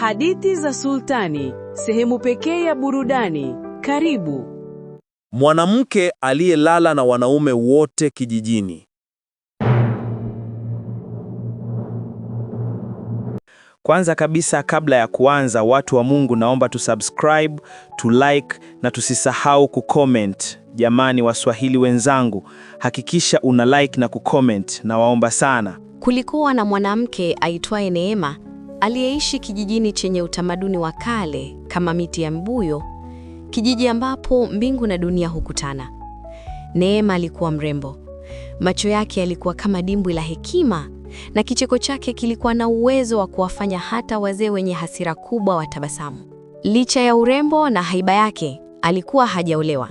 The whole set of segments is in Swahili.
Hadithi za Sultani, sehemu pekee ya burudani. Karibu. Mwanamke aliyelala na wanaume wote kijijini. Kwanza kabisa, kabla ya kuanza, watu wa Mungu, naomba tusubscribe, tulike na tusisahau kucomment. Jamani, Waswahili wenzangu, hakikisha una like na kucomment, na waomba sana. Kulikuwa na mwanamke aitwaye Neema aliyeishi kijijini chenye utamaduni wa kale kama miti ya mbuyo, kijiji ambapo mbingu na dunia hukutana. Neema alikuwa mrembo, macho yake yalikuwa kama dimbwi la hekima na kicheko chake kilikuwa na uwezo wa kuwafanya hata wazee wenye hasira kubwa watabasamu. Licha ya urembo na haiba yake, alikuwa hajaolewa.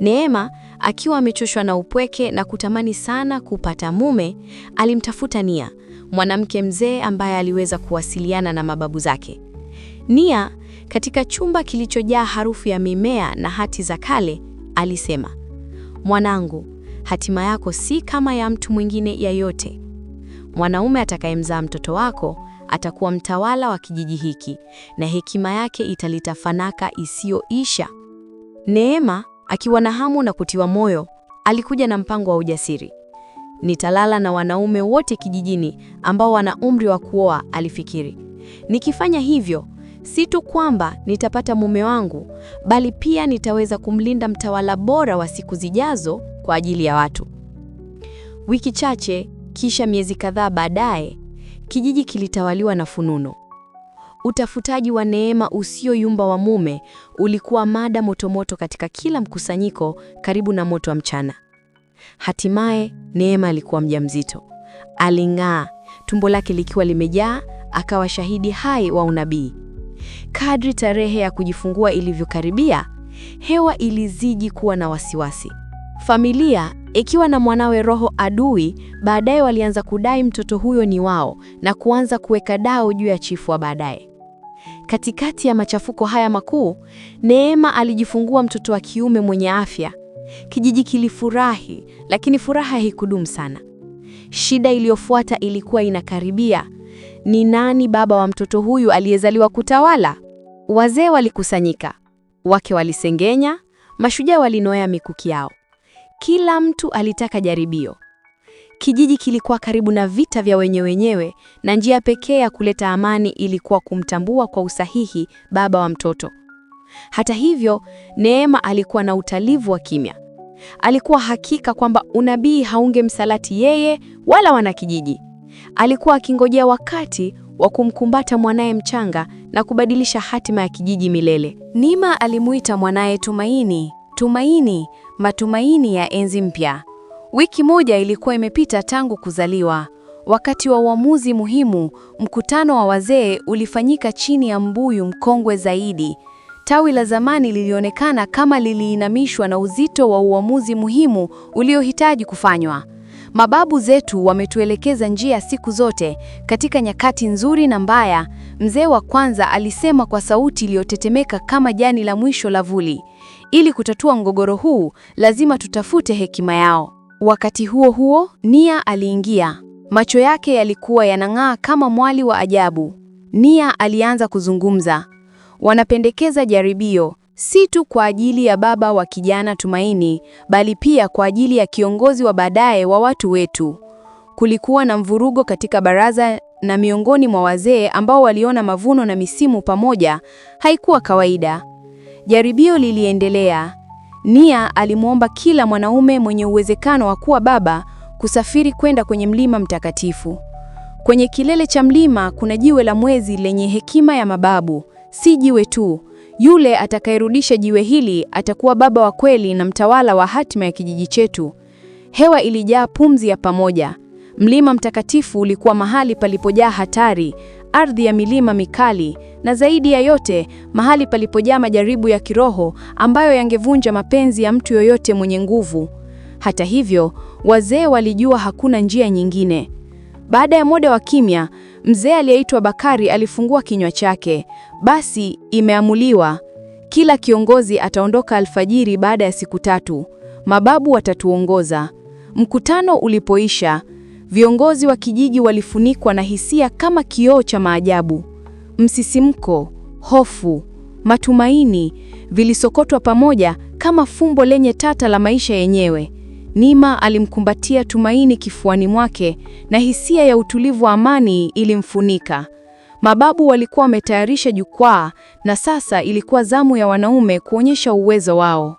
Neema akiwa amechoshwa na upweke na kutamani sana kupata mume, alimtafuta Nia mwanamke mzee ambaye aliweza kuwasiliana na mababu zake. Nia, katika chumba kilichojaa harufu ya mimea na hati za kale, alisema, mwanangu, hatima yako si kama ya mtu mwingine yeyote. Mwanaume atakayemzaa mtoto wako atakuwa mtawala wa kijiji hiki na hekima yake italeta fanaka isiyoisha. Neema, akiwa na hamu na kutiwa moyo, alikuja na mpango wa ujasiri. Nitalala na wanaume wote kijijini ambao wana umri wa kuoa, alifikiri. Nikifanya hivyo, si tu kwamba nitapata mume wangu, bali pia nitaweza kumlinda mtawala bora wa siku zijazo kwa ajili ya watu. Wiki chache kisha miezi kadhaa baadaye, kijiji kilitawaliwa na fununo. Utafutaji wa neema usioyumba wa mume ulikuwa mada motomoto katika kila mkusanyiko karibu na moto wa mchana. Hatimaye Neema alikuwa mjamzito. Aling'aa, tumbo lake likiwa limejaa, akawa shahidi hai wa unabii. Kadri tarehe ya kujifungua ilivyokaribia, hewa ilizidi kuwa na wasiwasi. Familia ikiwa na mwanawe roho adui, baadaye walianza kudai mtoto huyo ni wao na kuanza kuweka dao juu ya chifu wa baadaye. Katikati ya machafuko haya makuu, Neema alijifungua mtoto wa kiume mwenye afya. Kijiji kilifurahi, lakini furaha haikudumu sana. Shida iliyofuata ilikuwa inakaribia. Ni nani baba wa mtoto huyu aliyezaliwa kutawala? Wazee walikusanyika, wake walisengenya, mashujaa walinoea mikuki yao. Kila mtu alitaka jaribio. Kijiji kilikuwa karibu na vita vya wenye wenyewe, na njia pekee ya kuleta amani ilikuwa kumtambua kwa usahihi baba wa mtoto. Hata hivyo, Neema alikuwa na utalivu wa kimya. Alikuwa hakika kwamba unabii msalati yeye wala wanakijiji. Alikuwa akingojea wakati wa kumkumbata mwanaye mchanga na kubadilisha hatima ya kijiji milele. Nima alimuita mwanaye Tumaini, Tumaini, matumaini ya enzi mpya. Wiki moja ilikuwa imepita tangu kuzaliwa. Wakati wa uamuzi muhimu, mkutano wa wazee ulifanyika chini ya mbuyu mkongwe zaidi tawi la zamani lilionekana kama liliinamishwa na uzito wa uamuzi muhimu uliohitaji kufanywa. Mababu zetu wametuelekeza njia siku zote, katika nyakati nzuri na mbaya. Mzee wa kwanza alisema kwa sauti iliyotetemeka kama jani la mwisho la vuli, ili kutatua mgogoro huu lazima tutafute hekima yao. Wakati huo huo, Nia aliingia. Macho yake yalikuwa yanang'aa kama mwali wa ajabu. Nia alianza kuzungumza. Wanapendekeza jaribio si tu kwa ajili ya baba wa kijana Tumaini, bali pia kwa ajili ya kiongozi wa baadaye wa watu wetu. Kulikuwa na mvurugo katika baraza na miongoni mwa wazee ambao waliona mavuno na misimu pamoja haikuwa kawaida. Jaribio liliendelea. Nia alimwomba kila mwanaume mwenye uwezekano wa kuwa baba kusafiri kwenda kwenye mlima mtakatifu. Kwenye kilele cha mlima kuna jiwe la mwezi lenye hekima ya mababu si jiwe tu. Yule atakayerudisha jiwe hili atakuwa baba wa kweli na mtawala wa hatima ya kijiji chetu. Hewa ilijaa pumzi ya pamoja. Mlima mtakatifu ulikuwa mahali palipojaa hatari, ardhi ya milima mikali, na zaidi ya yote, mahali palipojaa majaribu ya kiroho ambayo yangevunja mapenzi ya mtu yoyote mwenye nguvu. Hata hivyo, wazee walijua hakuna njia nyingine. Baada ya muda wa kimya, Mzee aliyeitwa Bakari alifungua kinywa chake. Basi imeamuliwa, kila kiongozi ataondoka alfajiri baada ya siku tatu. Mababu watatuongoza. Mkutano ulipoisha, viongozi wa kijiji walifunikwa na hisia kama kioo cha maajabu. Msisimko, hofu, matumaini vilisokotwa pamoja kama fumbo lenye tata la maisha yenyewe. Nima alimkumbatia Tumaini kifuani mwake na hisia ya utulivu wa amani ilimfunika. Mababu walikuwa wametayarisha jukwaa na sasa ilikuwa zamu ya wanaume kuonyesha uwezo wao.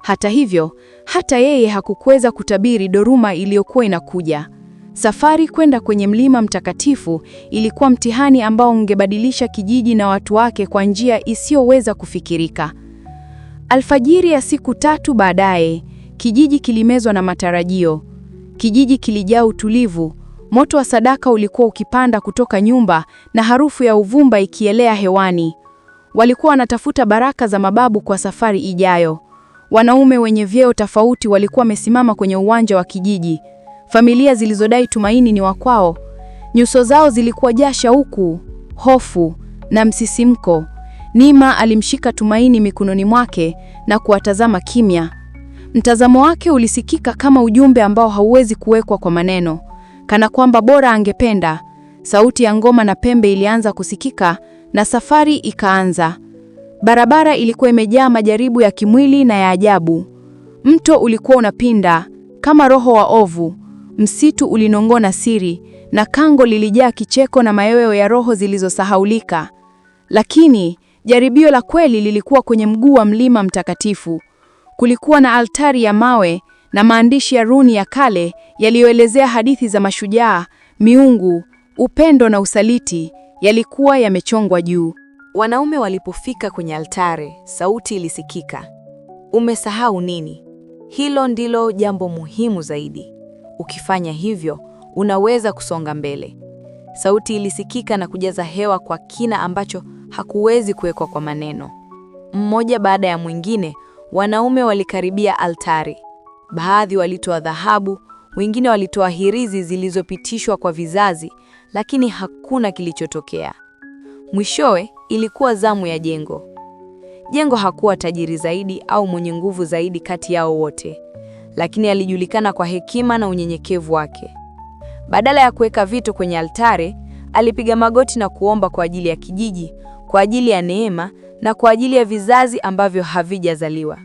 Hata hivyo, hata yeye hakukuweza kutabiri dhoruba iliyokuwa inakuja. Safari kwenda kwenye mlima mtakatifu ilikuwa mtihani ambao ungebadilisha kijiji na watu wake kwa njia isiyoweza kufikirika. Alfajiri ya siku tatu baadaye Kijiji kilimezwa na matarajio. Kijiji kilijaa utulivu. Moto wa sadaka ulikuwa ukipanda kutoka nyumba na harufu ya uvumba ikielea hewani. Walikuwa wanatafuta baraka za mababu kwa safari ijayo. Wanaume wenye vyeo tofauti walikuwa wamesimama kwenye uwanja wa kijiji. Familia zilizodai tumaini ni wakwao. Nyuso zao zilikuwa jaa shauku, hofu na msisimko. Nima alimshika Tumaini mikononi mwake na kuwatazama kimya. Mtazamo wake ulisikika kama ujumbe ambao hauwezi kuwekwa kwa maneno, kana kwamba bora angependa. Sauti ya ngoma na pembe ilianza kusikika na safari ikaanza. Barabara ilikuwa imejaa majaribu ya kimwili na ya ajabu. Mto ulikuwa unapinda kama roho wa ovu, msitu ulinong'ona siri, na kango lilijaa kicheko na mayoyo ya roho zilizosahaulika. Lakini jaribio la kweli lilikuwa kwenye mguu wa mlima mtakatifu, Kulikuwa na altari ya mawe na maandishi ya runi ya kale yaliyoelezea hadithi za mashujaa, miungu, upendo na usaliti yalikuwa yamechongwa juu. Wanaume walipofika kwenye altari, sauti ilisikika. Umesahau nini? Hilo ndilo jambo muhimu zaidi. Ukifanya hivyo, unaweza kusonga mbele. Sauti ilisikika na kujaza hewa kwa kina ambacho hakuwezi kuwekwa kwa maneno. Mmoja baada ya mwingine Wanaume walikaribia altari. Baadhi walitoa dhahabu, wengine walitoa hirizi zilizopitishwa kwa vizazi, lakini hakuna kilichotokea. Mwishowe ilikuwa zamu ya Jengo. Jengo hakuwa tajiri zaidi au mwenye nguvu zaidi kati yao wote, lakini alijulikana kwa hekima na unyenyekevu wake. Badala ya kuweka vitu kwenye altare, alipiga magoti na kuomba kwa ajili ya kijiji, kwa ajili ya neema na kwa ajili ya vizazi ambavyo havijazaliwa.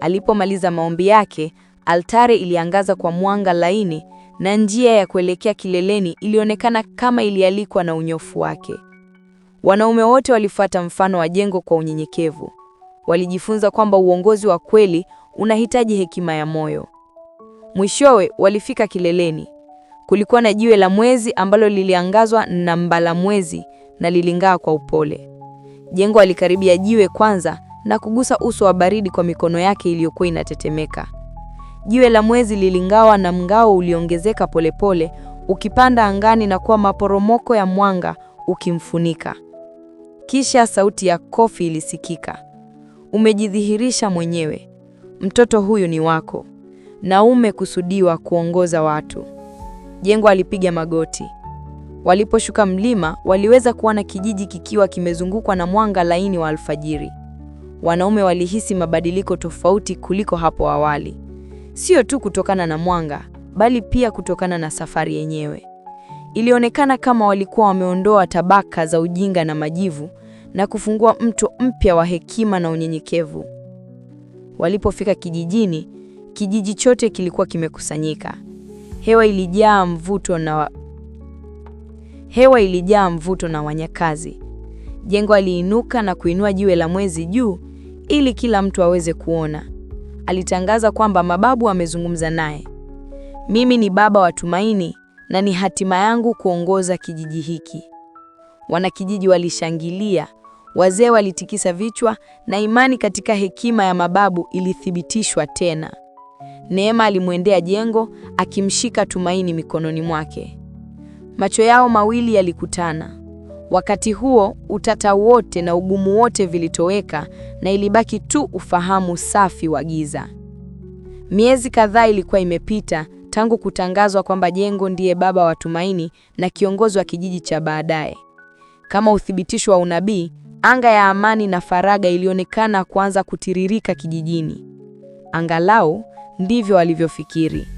Alipomaliza maombi yake, altare iliangaza kwa mwanga laini na njia ya kuelekea kileleni ilionekana kama ilialikwa na unyofu wake. Wanaume wote walifuata mfano wa jengo kwa unyenyekevu. Walijifunza kwamba uongozi wa kweli unahitaji hekima ya moyo. Mwishowe walifika kileleni. Kulikuwa na jiwe la mwezi ambalo liliangazwa na mbala mwezi na liling'aa kwa upole. Jengo alikaribia jiwe kwanza na kugusa uso wa baridi kwa mikono yake iliyokuwa inatetemeka. Jiwe la mwezi lilingawa na mngao uliongezeka polepole, ukipanda angani na kuwa maporomoko ya mwanga ukimfunika. Kisha sauti ya kofi ilisikika. Umejidhihirisha mwenyewe. Mtoto huyu ni wako na umekusudiwa kuongoza watu. Jengo alipiga magoti. Waliposhuka mlima, waliweza kuona kijiji kikiwa kimezungukwa na mwanga laini wa alfajiri. Wanaume walihisi mabadiliko tofauti kuliko hapo awali, sio tu kutokana na mwanga, bali pia kutokana na safari yenyewe. Ilionekana kama walikuwa wameondoa tabaka za ujinga na majivu na kufungua mto mpya wa hekima na unyenyekevu. Walipofika kijijini, kijiji chote kilikuwa kimekusanyika. Hewa ilijaa mvuto na Hewa ilijaa mvuto na wanyakazi. Jengo aliinuka na kuinua jiwe la mwezi juu ili kila mtu aweze kuona. Alitangaza kwamba mababu amezungumza naye. Mimi ni baba wa Tumaini na ni hatima yangu kuongoza kijiji hiki. Wanakijiji walishangilia, wazee walitikisa vichwa na imani katika hekima ya mababu ilithibitishwa tena. Neema alimwendea Jengo akimshika Tumaini mikononi mwake. Macho yao mawili yalikutana. Wakati huo utata wote na ugumu wote vilitoweka na ilibaki tu ufahamu safi wa giza. Miezi kadhaa ilikuwa imepita tangu kutangazwa kwamba Jengo ndiye baba wa Tumaini na kiongozi wa kijiji cha baadaye. Kama uthibitisho wa unabii, anga ya amani na faraga ilionekana kuanza kutiririka kijijini. Angalau ndivyo walivyofikiri.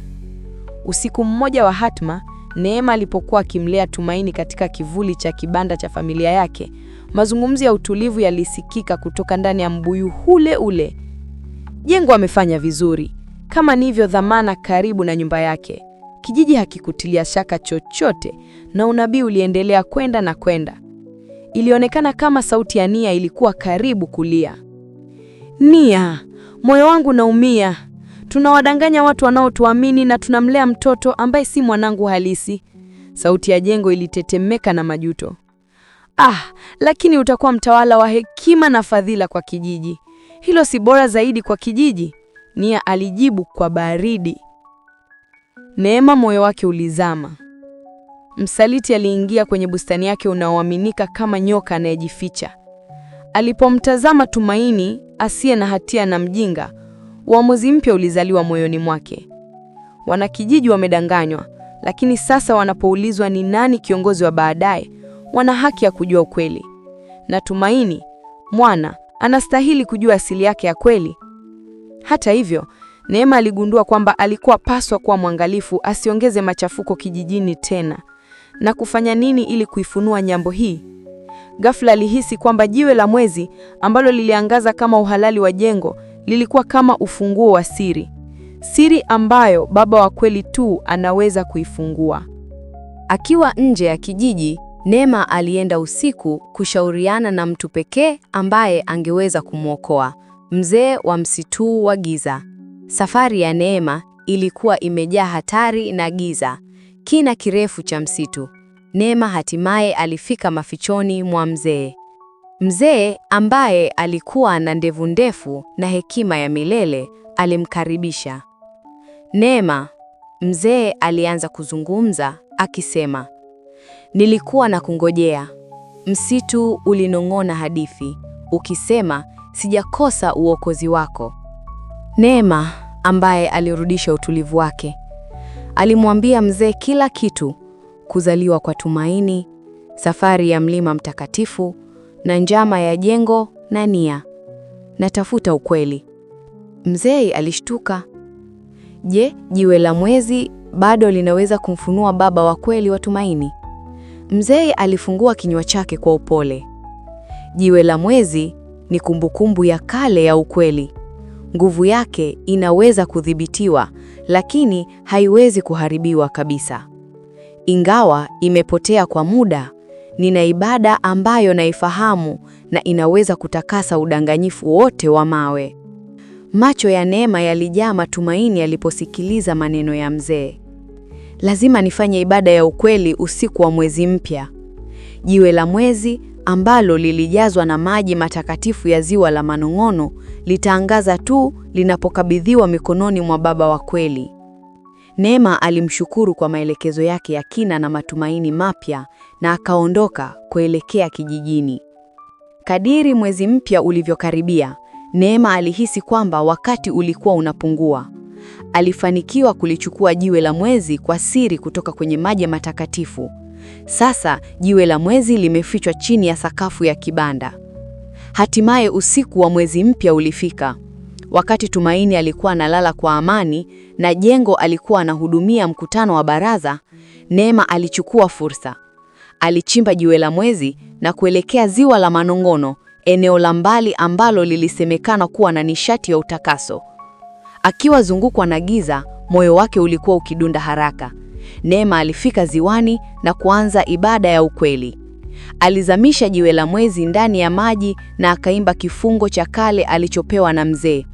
Usiku mmoja wa hatma Neema alipokuwa akimlea Tumaini katika kivuli cha kibanda cha familia yake, mazungumzo ya utulivu yalisikika kutoka ndani ya mbuyu hule ule. Jengo amefanya vizuri, kama nivyo dhamana karibu na nyumba yake. Kijiji hakikutilia shaka chochote, na unabii uliendelea kwenda na kwenda. Ilionekana kama sauti ya Nia ilikuwa karibu kulia. Nia, moyo wangu naumia, Tunawadanganya watu wanaotuamini na tunamlea mtoto ambaye si mwanangu halisi. Sauti ya jengo ilitetemeka na majuto. Ah, lakini utakuwa mtawala wa hekima na fadhila kwa kijiji. Hilo si bora zaidi kwa kijiji? Nia alijibu kwa baridi. Neema moyo wake ulizama. Msaliti aliingia kwenye bustani yake unaoaminika kama nyoka anayejificha. Alipomtazama Tumaini asiye na hatia na mjinga, Uamuzi mpya ulizaliwa moyoni mwake. Wanakijiji wamedanganywa, lakini sasa wanapoulizwa ni nani kiongozi wa baadaye, wana haki ya kujua ukweli. Na Tumaini mwana anastahili kujua asili yake ya kweli. Hata hivyo, Neema aligundua kwamba alikuwa paswa kuwa mwangalifu asiongeze machafuko kijijini tena. Na kufanya nini ili kuifunua nyambo hii? Ghafla alihisi kwamba jiwe la mwezi ambalo liliangaza kama uhalali wa jengo lilikuwa kama ufunguo wa siri, siri ambayo baba wa kweli tu anaweza kuifungua. Akiwa nje ya kijiji, Neema alienda usiku kushauriana na mtu pekee ambaye angeweza kumwokoa, mzee wa msitu wa giza. Safari ya Neema ilikuwa imejaa hatari na giza, kina kirefu cha msitu. Neema hatimaye alifika mafichoni mwa mzee. Mzee ambaye alikuwa na ndevu ndefu na hekima ya milele alimkaribisha. Neema, mzee alianza kuzungumza akisema, nilikuwa na kungojea. Msitu ulinong'ona hadithi ukisema, sijakosa uokozi wako. Neema ambaye alirudisha utulivu wake alimwambia mzee kila kitu: kuzaliwa kwa tumaini, safari ya mlima mtakatifu na njama ya jengo na nia. Natafuta ukweli. Mzee alishtuka. Je, jiwe la mwezi bado linaweza kumfunua baba wa kweli wa Tumaini? Mzee alifungua kinywa chake kwa upole. Jiwe la mwezi ni kumbukumbu ya kale ya ukweli. Nguvu yake inaweza kudhibitiwa, lakini haiwezi kuharibiwa kabisa. Ingawa imepotea kwa muda, nina ibada ambayo naifahamu na inaweza kutakasa udanganyifu wote wa mawe. Macho ya Neema yalijaa matumaini aliposikiliza maneno ya mzee. Lazima nifanye ibada ya ukweli usiku wa mwezi mpya. Jiwe la mwezi ambalo lilijazwa na maji matakatifu ya ziwa la manong'ono litaangaza tu linapokabidhiwa mikononi mwa Baba wa kweli. Neema alimshukuru kwa maelekezo yake ya kina na matumaini mapya na akaondoka kuelekea kijijini. Kadiri mwezi mpya ulivyokaribia, Neema alihisi kwamba wakati ulikuwa unapungua. Alifanikiwa kulichukua jiwe la mwezi kwa siri kutoka kwenye maji matakatifu. Sasa jiwe la mwezi limefichwa chini ya sakafu ya kibanda. Hatimaye usiku wa mwezi mpya ulifika. Wakati Tumaini alikuwa analala kwa amani na Jengo alikuwa anahudumia mkutano wa baraza, Neema alichukua fursa. Alichimba jiwe la mwezi na kuelekea ziwa la Manongono, eneo la mbali ambalo lilisemekana kuwa na nishati ya utakaso. Akiwa zungukwa na giza, moyo wake ulikuwa ukidunda haraka. Neema alifika ziwani na kuanza ibada ya ukweli. Alizamisha jiwe la mwezi ndani ya maji na akaimba kifungo cha kale alichopewa na mzee.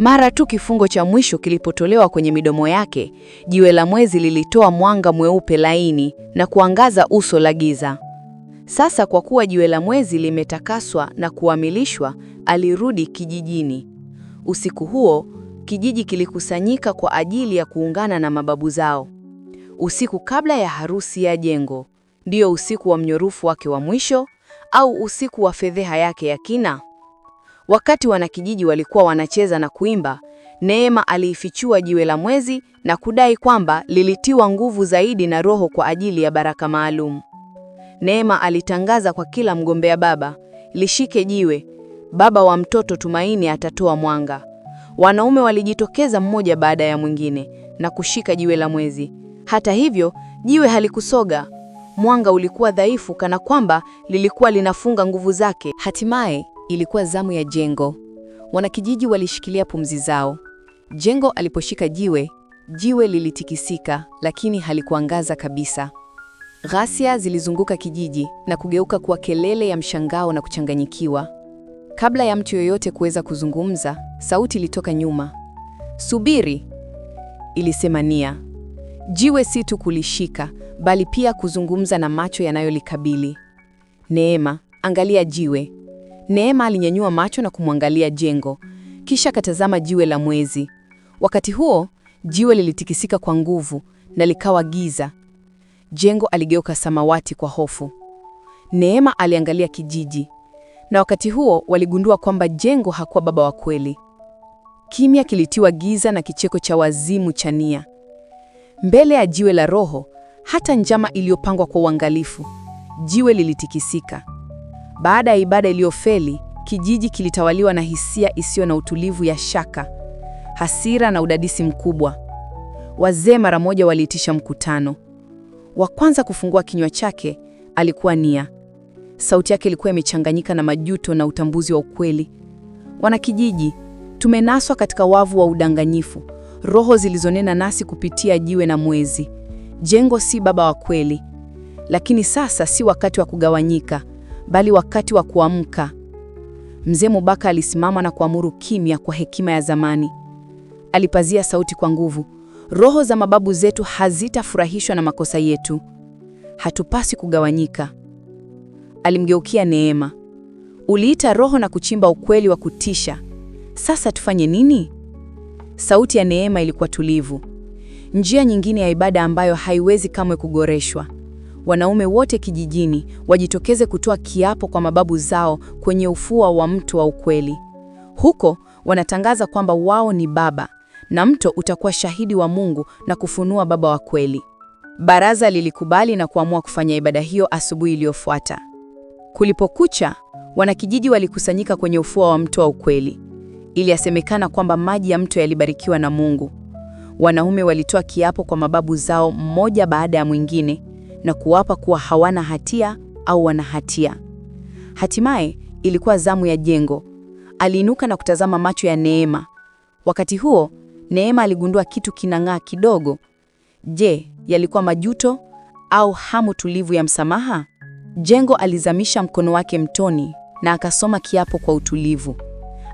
Mara tu kifungo cha mwisho kilipotolewa kwenye midomo yake, jiwe la mwezi lilitoa mwanga mweupe laini na kuangaza uso la giza. Sasa kwa kuwa jiwe la mwezi limetakaswa na kuamilishwa, alirudi kijijini. Usiku huo kijiji kilikusanyika kwa ajili ya kuungana na mababu zao. Usiku kabla ya harusi ya Jengo, ndio usiku wa mnyorufu wake wa mwisho au usiku wa fedheha yake ya kina. Wakati wanakijiji walikuwa wanacheza na kuimba, Neema aliifichua jiwe la mwezi na kudai kwamba lilitiwa nguvu zaidi na roho kwa ajili ya baraka maalum. Neema alitangaza kwa kila mgombea baba, lishike jiwe, baba wa mtoto Tumaini atatoa mwanga. Wanaume walijitokeza mmoja baada ya mwingine na kushika jiwe la mwezi. Hata hivyo, jiwe halikusoga. Mwanga ulikuwa dhaifu kana kwamba lilikuwa linafunga nguvu zake. Hatimaye Ilikuwa zamu ya Jengo. Wanakijiji walishikilia pumzi zao. Jengo aliposhika jiwe, jiwe lilitikisika, lakini halikuangaza kabisa. Ghasia zilizunguka kijiji na kugeuka kuwa kelele ya mshangao na kuchanganyikiwa. Kabla ya mtu yoyote kuweza kuzungumza, sauti ilitoka nyuma. Subiri, ilisema Nia. Jiwe si tu kulishika, bali pia kuzungumza na macho yanayolikabili. Neema, angalia jiwe, Neema alinyanyua macho na kumwangalia Jengo, kisha akatazama jiwe la mwezi. Wakati huo jiwe lilitikisika kwa nguvu na likawa giza. Jengo aligeuka samawati kwa hofu. Neema aliangalia kijiji, na wakati huo waligundua kwamba Jengo hakuwa baba wa kweli. Kimya kilitiwa giza na kicheko cha wazimu cha nia. Mbele ya jiwe la roho, hata njama iliyopangwa kwa uangalifu, jiwe lilitikisika. Baada ya ibada iliyofeli, kijiji kilitawaliwa na hisia isiyo na utulivu ya shaka, hasira na udadisi mkubwa. Wazee mara moja waliitisha mkutano. Wa kwanza kufungua kinywa chake alikuwa Nia. Sauti yake ilikuwa imechanganyika na majuto na utambuzi wa ukweli. Wanakijiji, tumenaswa katika wavu wa udanganyifu, roho zilizonena nasi kupitia jiwe na mwezi. Jengo si baba wa kweli. Lakini sasa si wakati wa kugawanyika, bali wakati wa kuamka. Mzee Mubaka alisimama na kuamuru kimya kwa hekima ya zamani. Alipazia sauti kwa nguvu. Roho za mababu zetu hazitafurahishwa na makosa yetu. Hatupasi kugawanyika. Alimgeukia Neema. Uliita roho na kuchimba ukweli wa kutisha. Sasa tufanye nini? Sauti ya Neema ilikuwa tulivu. Njia nyingine ya ibada ambayo haiwezi kamwe kugoreshwa wanaume wote kijijini wajitokeze kutoa kiapo kwa mababu zao kwenye ufua wa mto wa ukweli. Huko wanatangaza kwamba wao ni baba na mto utakuwa shahidi wa Mungu na kufunua baba wa kweli. Baraza lilikubali na kuamua kufanya ibada hiyo asubuhi iliyofuata. Kulipokucha, wanakijiji walikusanyika kwenye ufuo wa mto wa ukweli. asemekana kwamba maji ya mto yalibarikiwa na Mungu. Wanaume walitoa kiapo kwa mababu zao mmoja baada ya mwingine, na kuwapa kuwa hawana hatia au wana hatia. Hatimaye ilikuwa zamu ya Jengo. Aliinuka na kutazama macho ya Neema. Wakati huo Neema aligundua kitu kinang'aa kidogo. Je, yalikuwa majuto au hamu tulivu ya msamaha? Jengo alizamisha mkono wake mtoni na akasoma kiapo kwa utulivu.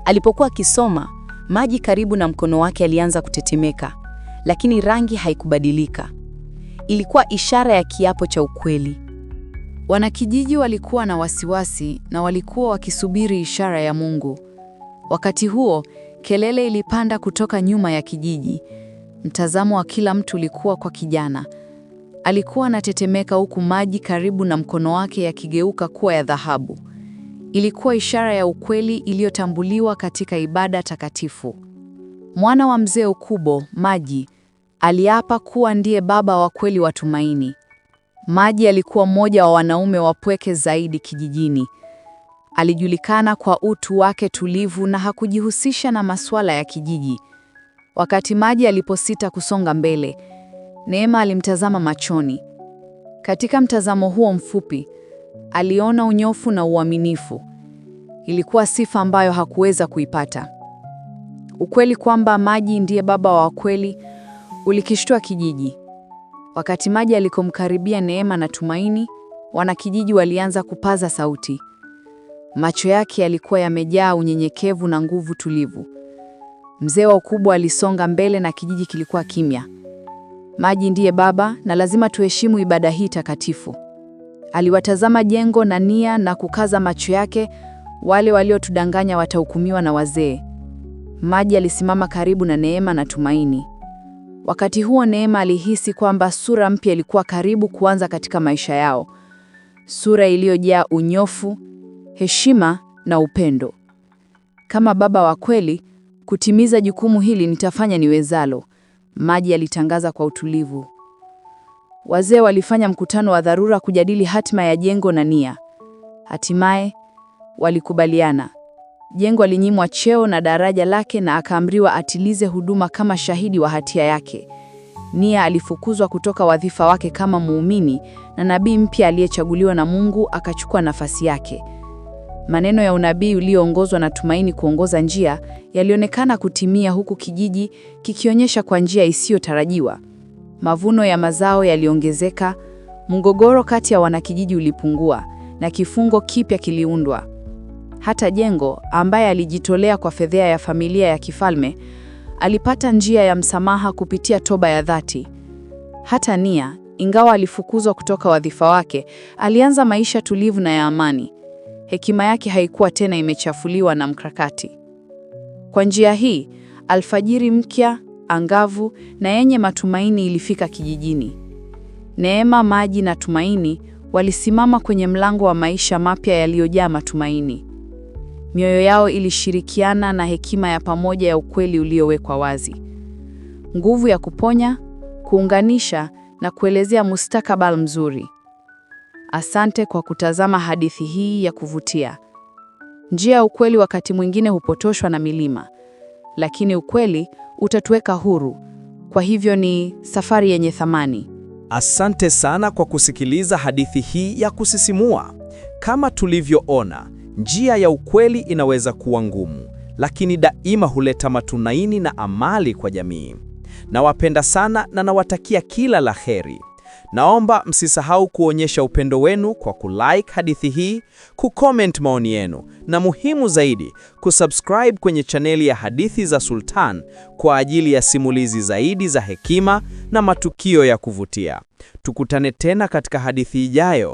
Alipokuwa akisoma, maji karibu na mkono wake alianza kutetemeka, lakini rangi haikubadilika ilikuwa ishara ya kiapo cha ukweli. Wanakijiji walikuwa na wasiwasi na walikuwa wakisubiri ishara ya Mungu. Wakati huo, kelele ilipanda kutoka nyuma ya kijiji. Mtazamo wa kila mtu ulikuwa kwa kijana. Alikuwa anatetemeka huku maji karibu na mkono wake yakigeuka kuwa ya dhahabu. Ilikuwa ishara ya ukweli iliyotambuliwa katika ibada takatifu. Mwana wa mzee Ukubo, Maji, Aliapa kuwa ndiye baba wa kweli wa Tumaini. Maji alikuwa mmoja wa wanaume wapweke zaidi kijijini. Alijulikana kwa utu wake tulivu na hakujihusisha na masuala ya kijiji. Wakati Maji aliposita kusonga mbele, Neema alimtazama machoni. Katika mtazamo huo mfupi, aliona unyofu na uaminifu. Ilikuwa sifa ambayo hakuweza kuipata. Ukweli kwamba Maji ndiye baba wa kweli ulikishtua kijiji. Wakati maji alikomkaribia Neema na Tumaini, wanakijiji walianza kupaza sauti. Macho yake yalikuwa yamejaa unyenyekevu na nguvu tulivu. Mzee wa ukubwa alisonga mbele na kijiji kilikuwa kimya. Maji ndiye baba na lazima tuheshimu ibada hii takatifu. Aliwatazama jengo na nia na kukaza macho yake, wale waliotudanganya watahukumiwa na wazee. Maji alisimama karibu na Neema na Tumaini. Wakati huo Neema alihisi kwamba sura mpya ilikuwa karibu kuanza katika maisha yao, sura iliyojaa unyofu, heshima na upendo. Kama baba wa kweli, kutimiza jukumu hili nitafanya niwezalo, Maji alitangaza kwa utulivu. Wazee walifanya mkutano wa dharura kujadili hatima ya jengo na nia. Hatimaye walikubaliana. Jengo alinyimwa cheo na daraja lake na akaamriwa atilize huduma kama shahidi wa hatia yake. Nia alifukuzwa kutoka wadhifa wake kama muumini na nabii mpya aliyechaguliwa na Mungu akachukua nafasi yake. Maneno ya unabii uliyoongozwa na tumaini kuongoza njia yalionekana kutimia huku kijiji kikionyesha kwa njia isiyotarajiwa. Mavuno ya mazao yaliongezeka, mgogoro kati ya wanakijiji ulipungua na kifungo kipya kiliundwa. Hata Jengo, ambaye alijitolea kwa fedhea ya familia ya kifalme, alipata njia ya msamaha kupitia toba ya dhati. Hata Nia, ingawa alifukuzwa kutoka wadhifa wake, alianza maisha tulivu na ya amani. Hekima yake haikuwa tena imechafuliwa na mkakati. Kwa njia hii, alfajiri mpya, angavu na yenye matumaini ilifika kijijini. Neema, maji na Tumaini walisimama kwenye mlango wa maisha mapya yaliyojaa matumaini. Mioyo yao ilishirikiana na hekima ya pamoja ya ukweli uliowekwa wazi. Nguvu ya kuponya, kuunganisha na kuelezea mustakabal mzuri. Asante kwa kutazama hadithi hii ya kuvutia. Njia ya ukweli wakati mwingine hupotoshwa na milima, lakini ukweli utatuweka huru. Kwa hivyo ni safari yenye thamani. Asante sana kwa kusikiliza hadithi hii ya kusisimua. Kama tulivyoona, Njia ya ukweli inaweza kuwa ngumu, lakini daima huleta matumaini na amali kwa jamii. Nawapenda sana na nawatakia kila la heri. Naomba msisahau kuonyesha upendo wenu kwa kulike hadithi hii, kucomment maoni yenu na muhimu zaidi, kusubscribe kwenye chaneli ya Hadithi za Sultan kwa ajili ya simulizi zaidi za hekima na matukio ya kuvutia. Tukutane tena katika hadithi ijayo.